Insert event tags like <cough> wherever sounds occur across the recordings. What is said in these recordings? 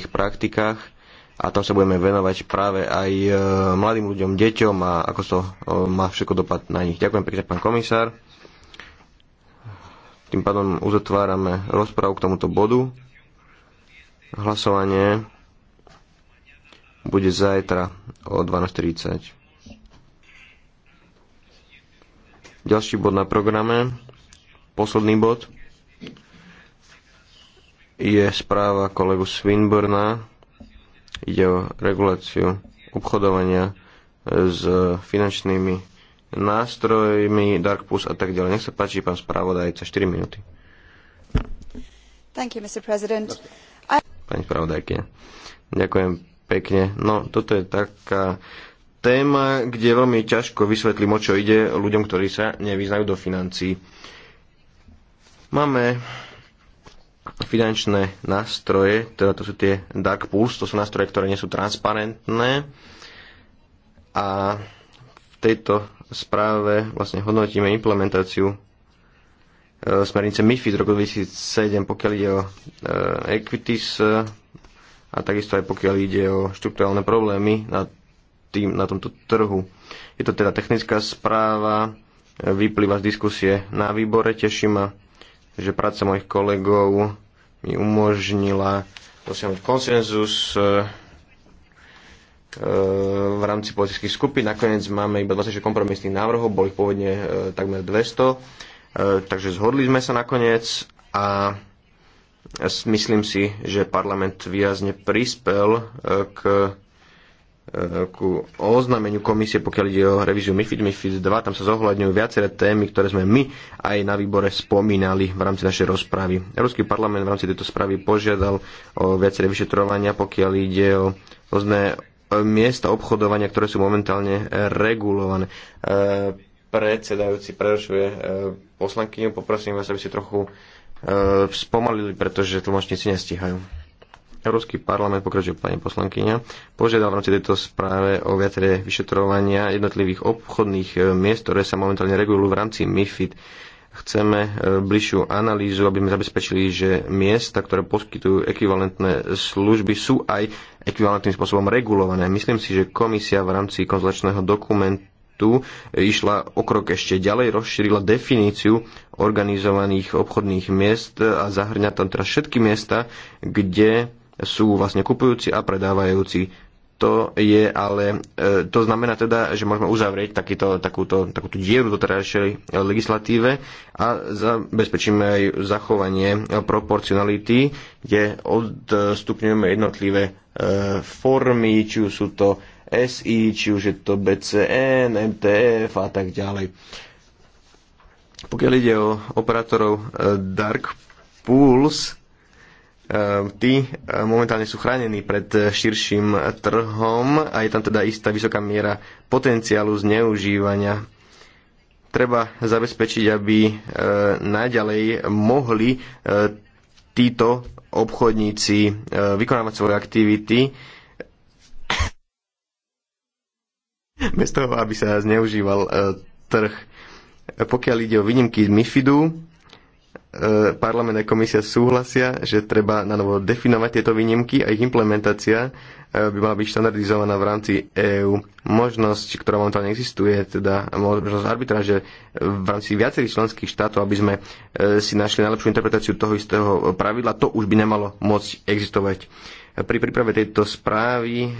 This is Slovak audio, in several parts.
životných praktikách a tam sa budeme venovať práve aj e, mladým ľuďom, deťom a ako to e, má všetko dopad na nich. Ďakujem pekne, pán komisár. Tým pádom uzatvárame rozprávu k tomuto bodu. Hlasovanie bude zajtra o 12.30. Ďalší bod na programe, posledný bod je správa kolegu Swinburna. Ide o reguláciu obchodovania s finančnými nástrojmi, Dark Plus a tak ďalej. Nech sa páči, pán spravodajca, 4 minúty. Thank you, Mr. President. Pani spravodajkyňa, ďakujem pekne. No, toto je taká téma, kde veľmi ťažko vysvetlím, o čo ide ľuďom, ktorí sa nevyznajú do financií. Máme finančné nástroje, teda to sú tie dark pools, to sú nástroje, ktoré nie sú transparentné a v tejto správe vlastne hodnotíme implementáciu e, smernice MIFID z roku 2007, pokiaľ ide o e, equities e, a takisto aj pokiaľ ide o štruktúrálne problémy na, tým, na tomto trhu. Je to teda technická správa, vyplýva z diskusie na výbore, teším ma, že práca mojich kolegov mi umožnila dosiahnuť konsenzus e, e, v rámci politických skupín. Nakoniec máme iba 26 kompromisných návrhov, boli ich pôvodne e, takmer 200, takže zhodli sme sa nakoniec a myslím si, že parlament výrazne prispel k Eh, ku oznámeniu komisie, pokiaľ ide o revíziu MIFID, MIFID 2, tam sa zohľadňujú viaceré témy, ktoré sme my aj na výbore spomínali v rámci našej rozpravy. Európsky parlament v rámci tejto správy požiadal o viaceré vyšetrovania, pokiaľ ide o rôzne eh, miesta obchodovania, ktoré sú momentálne eh, regulované. Predsedajúci prerušuje poslankyňu, poprosím vás, aby ste trochu spomalili, pretože tlmočníci nestíhajú. Európsky parlament, pokračuje pani poslankyňa, požiadal v rámci tejto správe o viaceré vyšetrovania jednotlivých obchodných e, miest, ktoré sa momentálne regulujú v rámci MIFID. Chceme e, bližšiu analýzu, aby sme zabezpečili, že miesta, ktoré poskytujú ekvivalentné služby, sú aj ekvivalentným spôsobom regulované. Myslím si, že komisia v rámci konzulačného dokumentu tu e, išla o krok ešte ďalej, rozšírila definíciu organizovaných obchodných miest a zahrňa tam teraz všetky miesta, kde sú vlastne kupujúci a predávajúci. To je ale, e, to znamená teda, že môžeme uzavrieť takýto, takúto, takúto dieru do terajšej legislatíve a zabezpečíme aj zachovanie proporcionality, kde odstupňujeme jednotlivé e, formy, či už sú to SI, či už je to BCN, MTF a tak ďalej. Pokiaľ ide o operátorov e, Dark Pools, Ehm, tí ehm, momentálne sú chránení pred eh, širším eh, trhom a je tam teda istá vysoká miera potenciálu zneužívania. Treba zabezpečiť, aby eh, naďalej mohli títo obchodníci vykonávať svoje aktivity <coughs> bez toho, aby sa zneužíval trh. Pokiaľ ide o výnimky z MIFIDu, E, parlament a komisia súhlasia, že treba na novo definovať tieto výnimky a ich implementácia e, by mala byť štandardizovaná v rámci EÚ. Možnosť, ktorá momentálne existuje, teda možnosť arbitráže v rámci viacerých členských štátov, aby sme e, si našli najlepšiu interpretáciu toho istého pravidla, to už by nemalo môcť existovať. Pri príprave tejto správy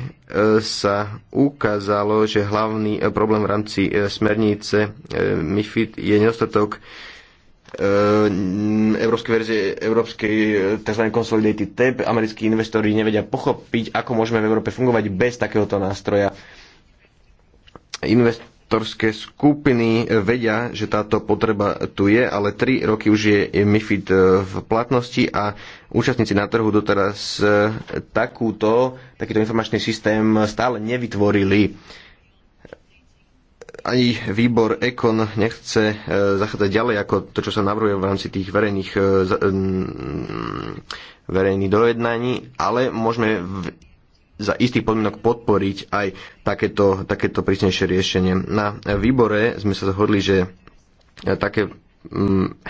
sa ukázalo, že hlavný problém v rámci smernice MIFID je nedostatok Ehm, európskej verzie európskej eh, tzv. consolidated tab. Americkí investori nevedia pochopiť, ako môžeme v Európe fungovať bez takéhoto nástroja. Investorské skupiny eh, vedia, že táto potreba tu je, ale 3 roky už je MIFID eh, v platnosti a účastníci na trhu doteraz takúto, takýto informačný systém stále nevytvorili ani výbor EKON nechce e, zachádzať ďalej ako to, čo sa navrhuje v rámci tých verejných, e, verejných dojednaní, ale môžeme v, za istých podmienok podporiť aj takéto, takéto prísnejšie riešenie. Na výbore sme sa zhodli, že také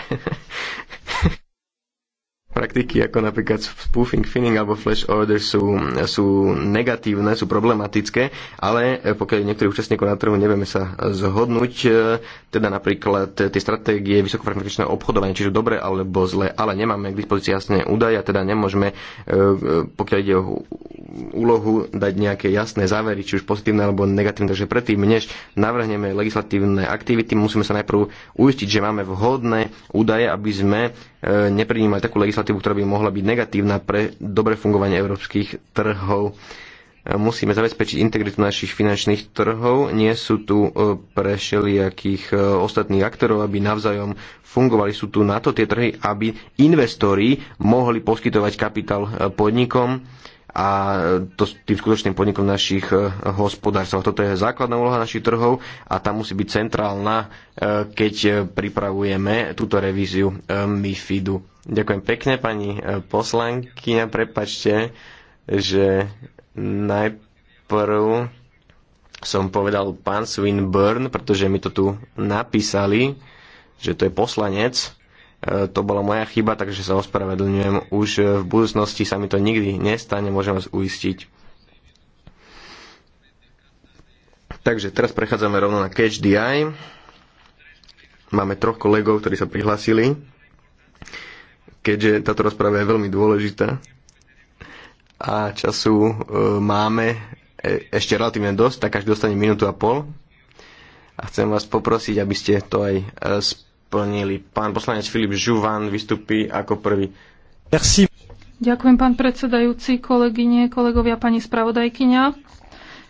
<laughs> praktiky ako napríklad spoofing, finning alebo flash order sú, sú negatívne, sú problematické, ale pokiaľ niektorí účastníkov na trhu nevieme sa zhodnúť, e, teda napríklad tie stratégie vysokofrekvenčného obchodovania, čiže dobre alebo zle, ale nemáme k dispozícii jasné údaje, teda nemôžeme, e, pokiaľ ide o úlohu, dať nejaké jasné závery, či už pozitívne alebo negatívne. Takže predtým, než navrhneme legislatívne aktivity, musíme sa najprv uistiť, že máme vhodné údaje, aby sme neprijímať takú legislatívu, ktorá by mohla byť negatívna pre dobre fungovanie európskych trhov. Musíme zabezpečiť integritu našich finančných trhov. Nie sú tu e, pre všelijakých e, ostatných aktorov, aby navzájom fungovali. Sú tu na to tie trhy, aby investori mohli poskytovať kapitál e, podnikom a to, tým skutočným podnikom našich e, hospodárstv. Toto je základná úloha našich trhov a tá musí byť centrálna, e, keď e, pripravujeme túto revíziu MIFIDu. Ďakujem pekne, pani poslankyňa. Prepačte, že najprv som povedal pán Swinburne, pretože mi to tu napísali, že to je poslanec E, to bola moja chyba, takže sa ospravedlňujem. Už e, v budúcnosti sa mi to nikdy nestane, môžem vás uistiť. Takže teraz prechádzame rovno na Catch the Eye. Máme troch kolegov, ktorí sa prihlasili. Keďže táto rozpráva je veľmi dôležitá a času e, máme e, ešte relatívne dosť, tak každý dostane minútu a pol. A chcem vás poprosiť, aby ste to aj e, splnili. Pán poslanec Filip Žuvan vystupí ako prvý. Merci. Ďakujem, pán predsedajúci, kolegyne, kolegovia, pani spravodajkyňa.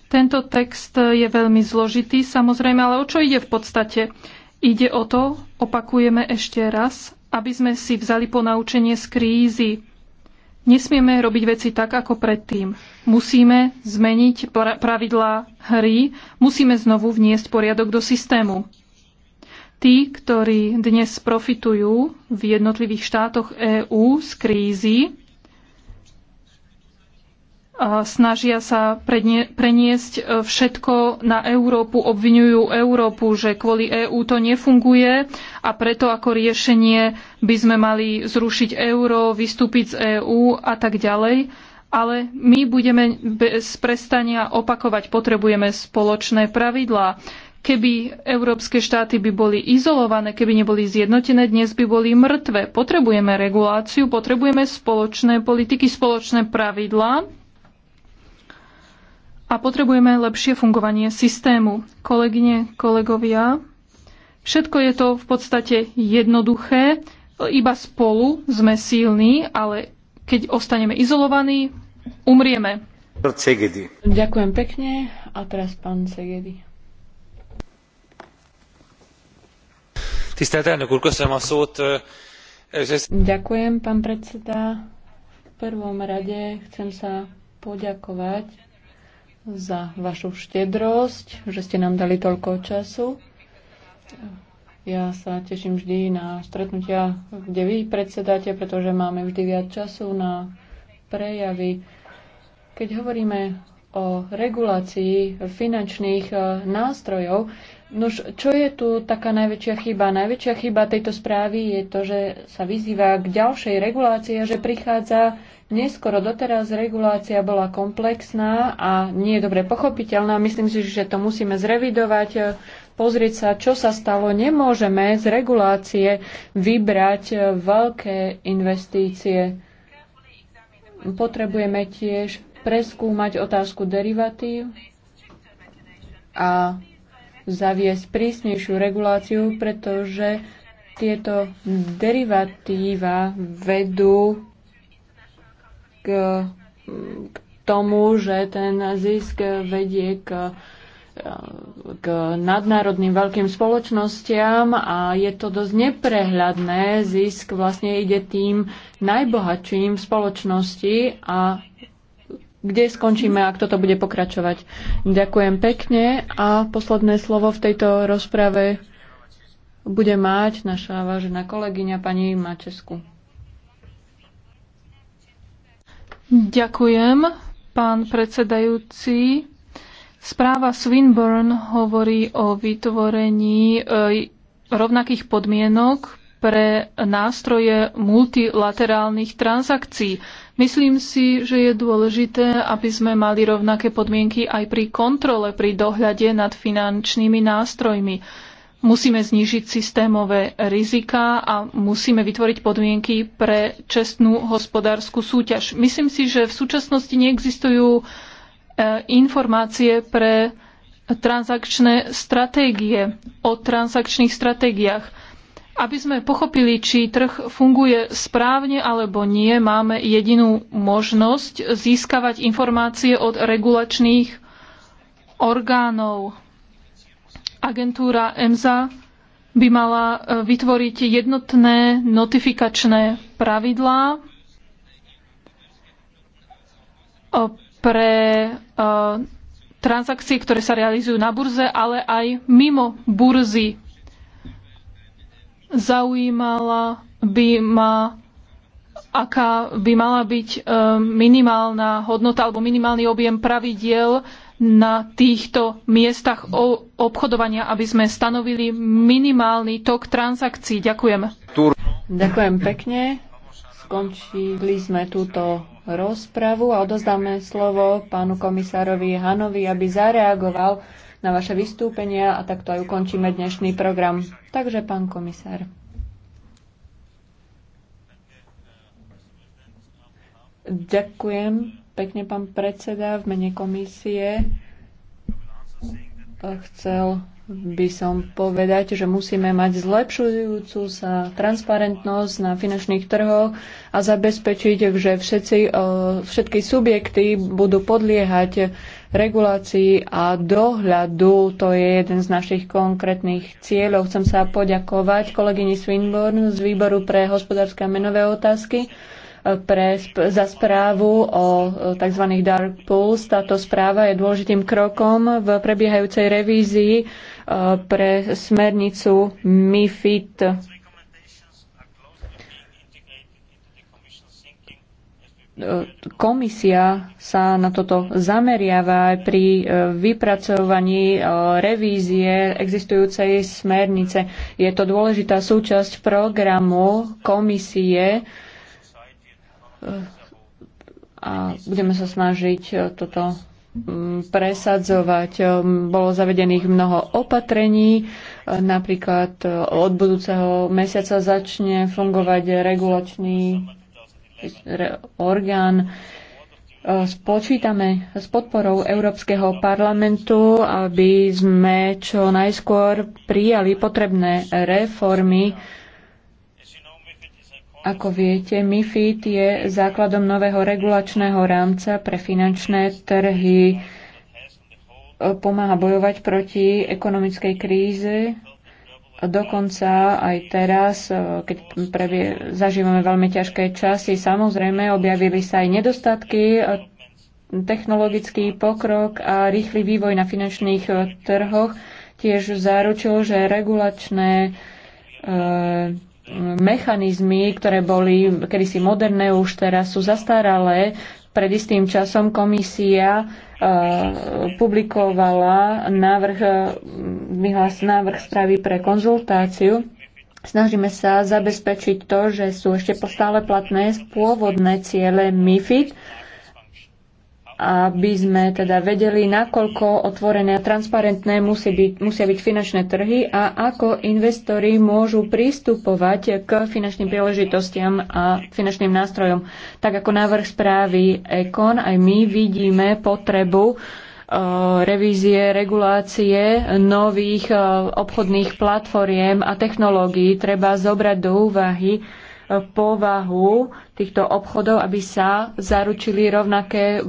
Tento text je veľmi zložitý, samozrejme, ale o čo ide v podstate? Ide o to, opakujeme ešte raz, aby sme si vzali ponaučenie z krízy. Nesmieme robiť veci tak, ako predtým. Musíme zmeniť pravidlá hry, musíme znovu vniesť poriadok do systému. Tí, ktorí dnes profitujú v jednotlivých štátoch EÚ z krízy, a snažia sa preniesť e, všetko na Európu, obvinujú Európu, že kvôli EÚ to nefunguje a preto ako riešenie by sme mali zrušiť euro, vystúpiť z EÚ a tak ďalej. Ale my budeme bez prestania opakovať, potrebujeme spoločné pravidlá. Keby európske štáty by boli izolované, keby neboli zjednotené, dnes by boli mŕtve. Potrebujeme reguláciu, potrebujeme spoločné politiky, spoločné pravidlá a potrebujeme lepšie fungovanie systému. Kolegyne, kolegovia, všetko je to v podstate jednoduché, iba spolu sme silní, ale keď ostaneme izolovaní, umrieme. Ďakujem pekne a teraz pán Segedy. Ďakujem, pán predseda. V prvom rade chcem sa poďakovať za vašu štedrosť, že ste nám dali toľko času. Ja sa teším vždy na stretnutia, kde vy predsedáte, pretože máme vždy viac času na prejavy. Keď hovoríme o regulácii finančných e, nástrojov, Nož, čo je tu taká najväčšia chyba? Najväčšia chyba tejto správy je to, že sa vyzýva k ďalšej regulácii a že prichádza neskoro. Doteraz regulácia bola komplexná a nie je dobre pochopiteľná. Myslím si, že to musíme zrevidovať, pozrieť sa, čo sa stalo. Nemôžeme z regulácie vybrať veľké investície. Potrebujeme tiež preskúmať otázku derivatív a zaviesť prísnejšiu reguláciu, pretože tieto derivatíva vedú k, k tomu, že ten zisk vedie k k nadnárodným veľkým spoločnostiam a je to dosť neprehľadné. Zisk vlastne ide tým najbohatším v spoločnosti a kde skončíme a kto to bude pokračovať. Ďakujem pekne a posledné slovo v tejto rozprave bude mať naša vážená kolegyňa pani Mačesku. Ďakujem, pán predsedajúci. Správa Swinburne hovorí o vytvorení e, rovnakých podmienok pre nástroje multilaterálnych transakcií. Myslím si, že je dôležité, aby sme mali rovnaké podmienky aj pri kontrole, pri dohľade nad finančnými nástrojmi. Musíme znížiť systémové rizika a musíme vytvoriť podmienky pre čestnú hospodárskú súťaž. Myslím si, že v súčasnosti neexistujú e, informácie pre transakčné stratégie o transakčných stratégiách. Aby sme pochopili, či trh funguje správne alebo nie, máme jedinú možnosť získavať informácie od regulačných orgánov. Agentúra EMSA by mala e, vytvoriť jednotné notifikačné pravidlá e, pre e, transakcie, ktoré sa realizujú na burze, ale aj mimo burzy Zaujímala by ma, aká by mala byť e, minimálna hodnota alebo minimálny objem pravidiel na týchto miestach obchodovania, aby sme stanovili minimálny tok transakcií. Ďakujem. Ďakujem pekne. Skončili sme túto rozpravu a odozdáme slovo pánu komisárovi Hanovi, aby zareagoval na vaše vystúpenia a takto aj ukončíme dnešný program. Takže pán komisár. Ďakujem pekne, pán predseda, v mene komisie. Chcel by som povedať, že musíme mať zlepšujúcu sa transparentnosť na finančných trhoch a zabezpečiť, že všetci, eh, všetky subjekty budú podliehať regulácii a dohľadu. To je jeden z našich konkrétnych cieľov. Chcem sa poďakovať kolegyni Swinburne z Výboru pre hospodárske a menové otázky pre, za správu o e, tzv. dark pools. Táto správa je dôležitým krokom v prebiehajúcej revízii e, pre smernicu MIFID. E, komisia sa na toto zameriava aj pri vypracovaní revízie existujúcej smernice. Je to dôležitá súčasť programu komisie, a budeme sa snažiť e, toto mm, presadzovať. E, bolo zavedených mnoho opatrení, e, napríklad od budúceho mesiaca začne fungovať regulačný orgán. Spočítame s podporou Európskeho parlamentu, aby sme čo najskôr prijali potrebné reformy, ako viete, MIFID je základom nového regulačného rámca pre finančné trhy. Pomáha bojovať proti ekonomickej kríze. Dokonca aj teraz, keď previe, zažívame veľmi ťažké časy, samozrejme objavili sa aj nedostatky, technologický pokrok a rýchly vývoj na finančných trhoch tiež zaručil, že regulačné e, mechanizmy, ktoré boli kedysi moderné, už teraz sú zastaralé. Pred istým časom komisia e, publikovala návrh, e, vyhlás návrh správy pre konzultáciu. Snažíme sa zabezpečiť to, že sú ešte postále platné pôvodné ciele MIFID, aby sme teda vedeli, nakoľko otvorené a transparentné musí byť, musia byť finančné trhy a ako investori môžu pristupovať k finančným príležitostiam a finančným nástrojom. Tak ako návrh správy Econ, aj my vidíme potrebu e, revízie, regulácie nových e, obchodných platformiem a technológií. Treba zobrať do úvahy povahu týchto obchodov, aby sa zaručili rovnaké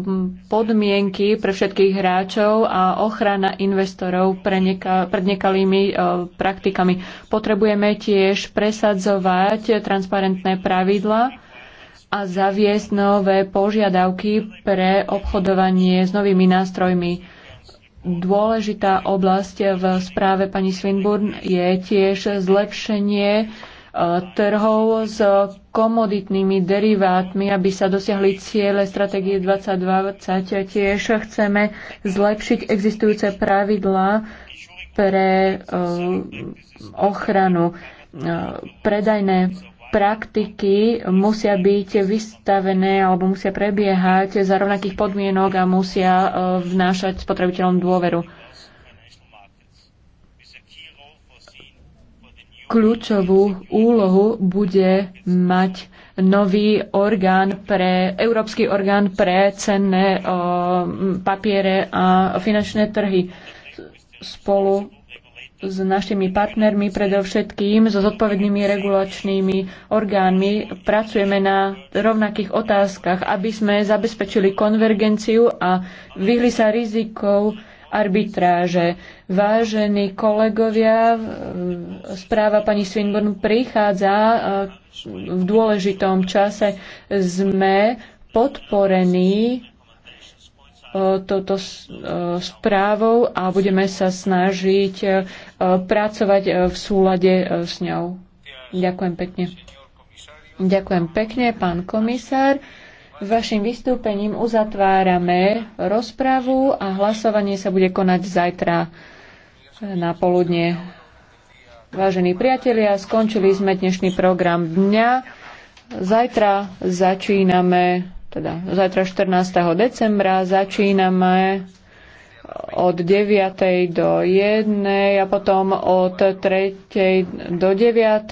podmienky pre všetkých hráčov a ochrana investorov pre neka, pred nekalými e, praktikami. Potrebujeme tiež presadzovať transparentné pravidla a zaviesť nové požiadavky pre obchodovanie s novými nástrojmi. Dôležitá oblasť v správe pani Swinburne je tiež zlepšenie trhov s komoditnými derivátmi, aby sa dosiahli ciele stratégie 2020. Tiež chceme zlepšiť existujúce pravidlá pre eh, ochranu. Eh, predajné praktiky musia byť vystavené alebo musia prebiehať za rovnakých podmienok a musia eh, vnášať spotrebiteľom dôveru. kľúčovú úlohu bude mať nový orgán pre, európsky orgán pre cenné o, papiere a finančné trhy spolu s našimi partnermi, predovšetkým so zodpovednými regulačnými orgánmi. Pracujeme na rovnakých otázkach, aby sme zabezpečili konvergenciu a vyhli sa rizikov arbitráže. Vážení kolegovia, správa pani Swinburne prichádza e, v dôležitom čase. Sme podporení e, touto e, správou a budeme sa snažiť pracovať v súlade s ňou. Ďakujem pekne. Ďakujem pekne, pán komisár. Vašim vystúpením uzatvárame rozpravu a hlasovanie sa bude konať zajtra e, na poludne. Vážení priatelia, skončili sme dnešný program dňa. Zajtra začíname, teda zajtra 14. decembra začíname od 9. do 1. a potom od 3. do 9.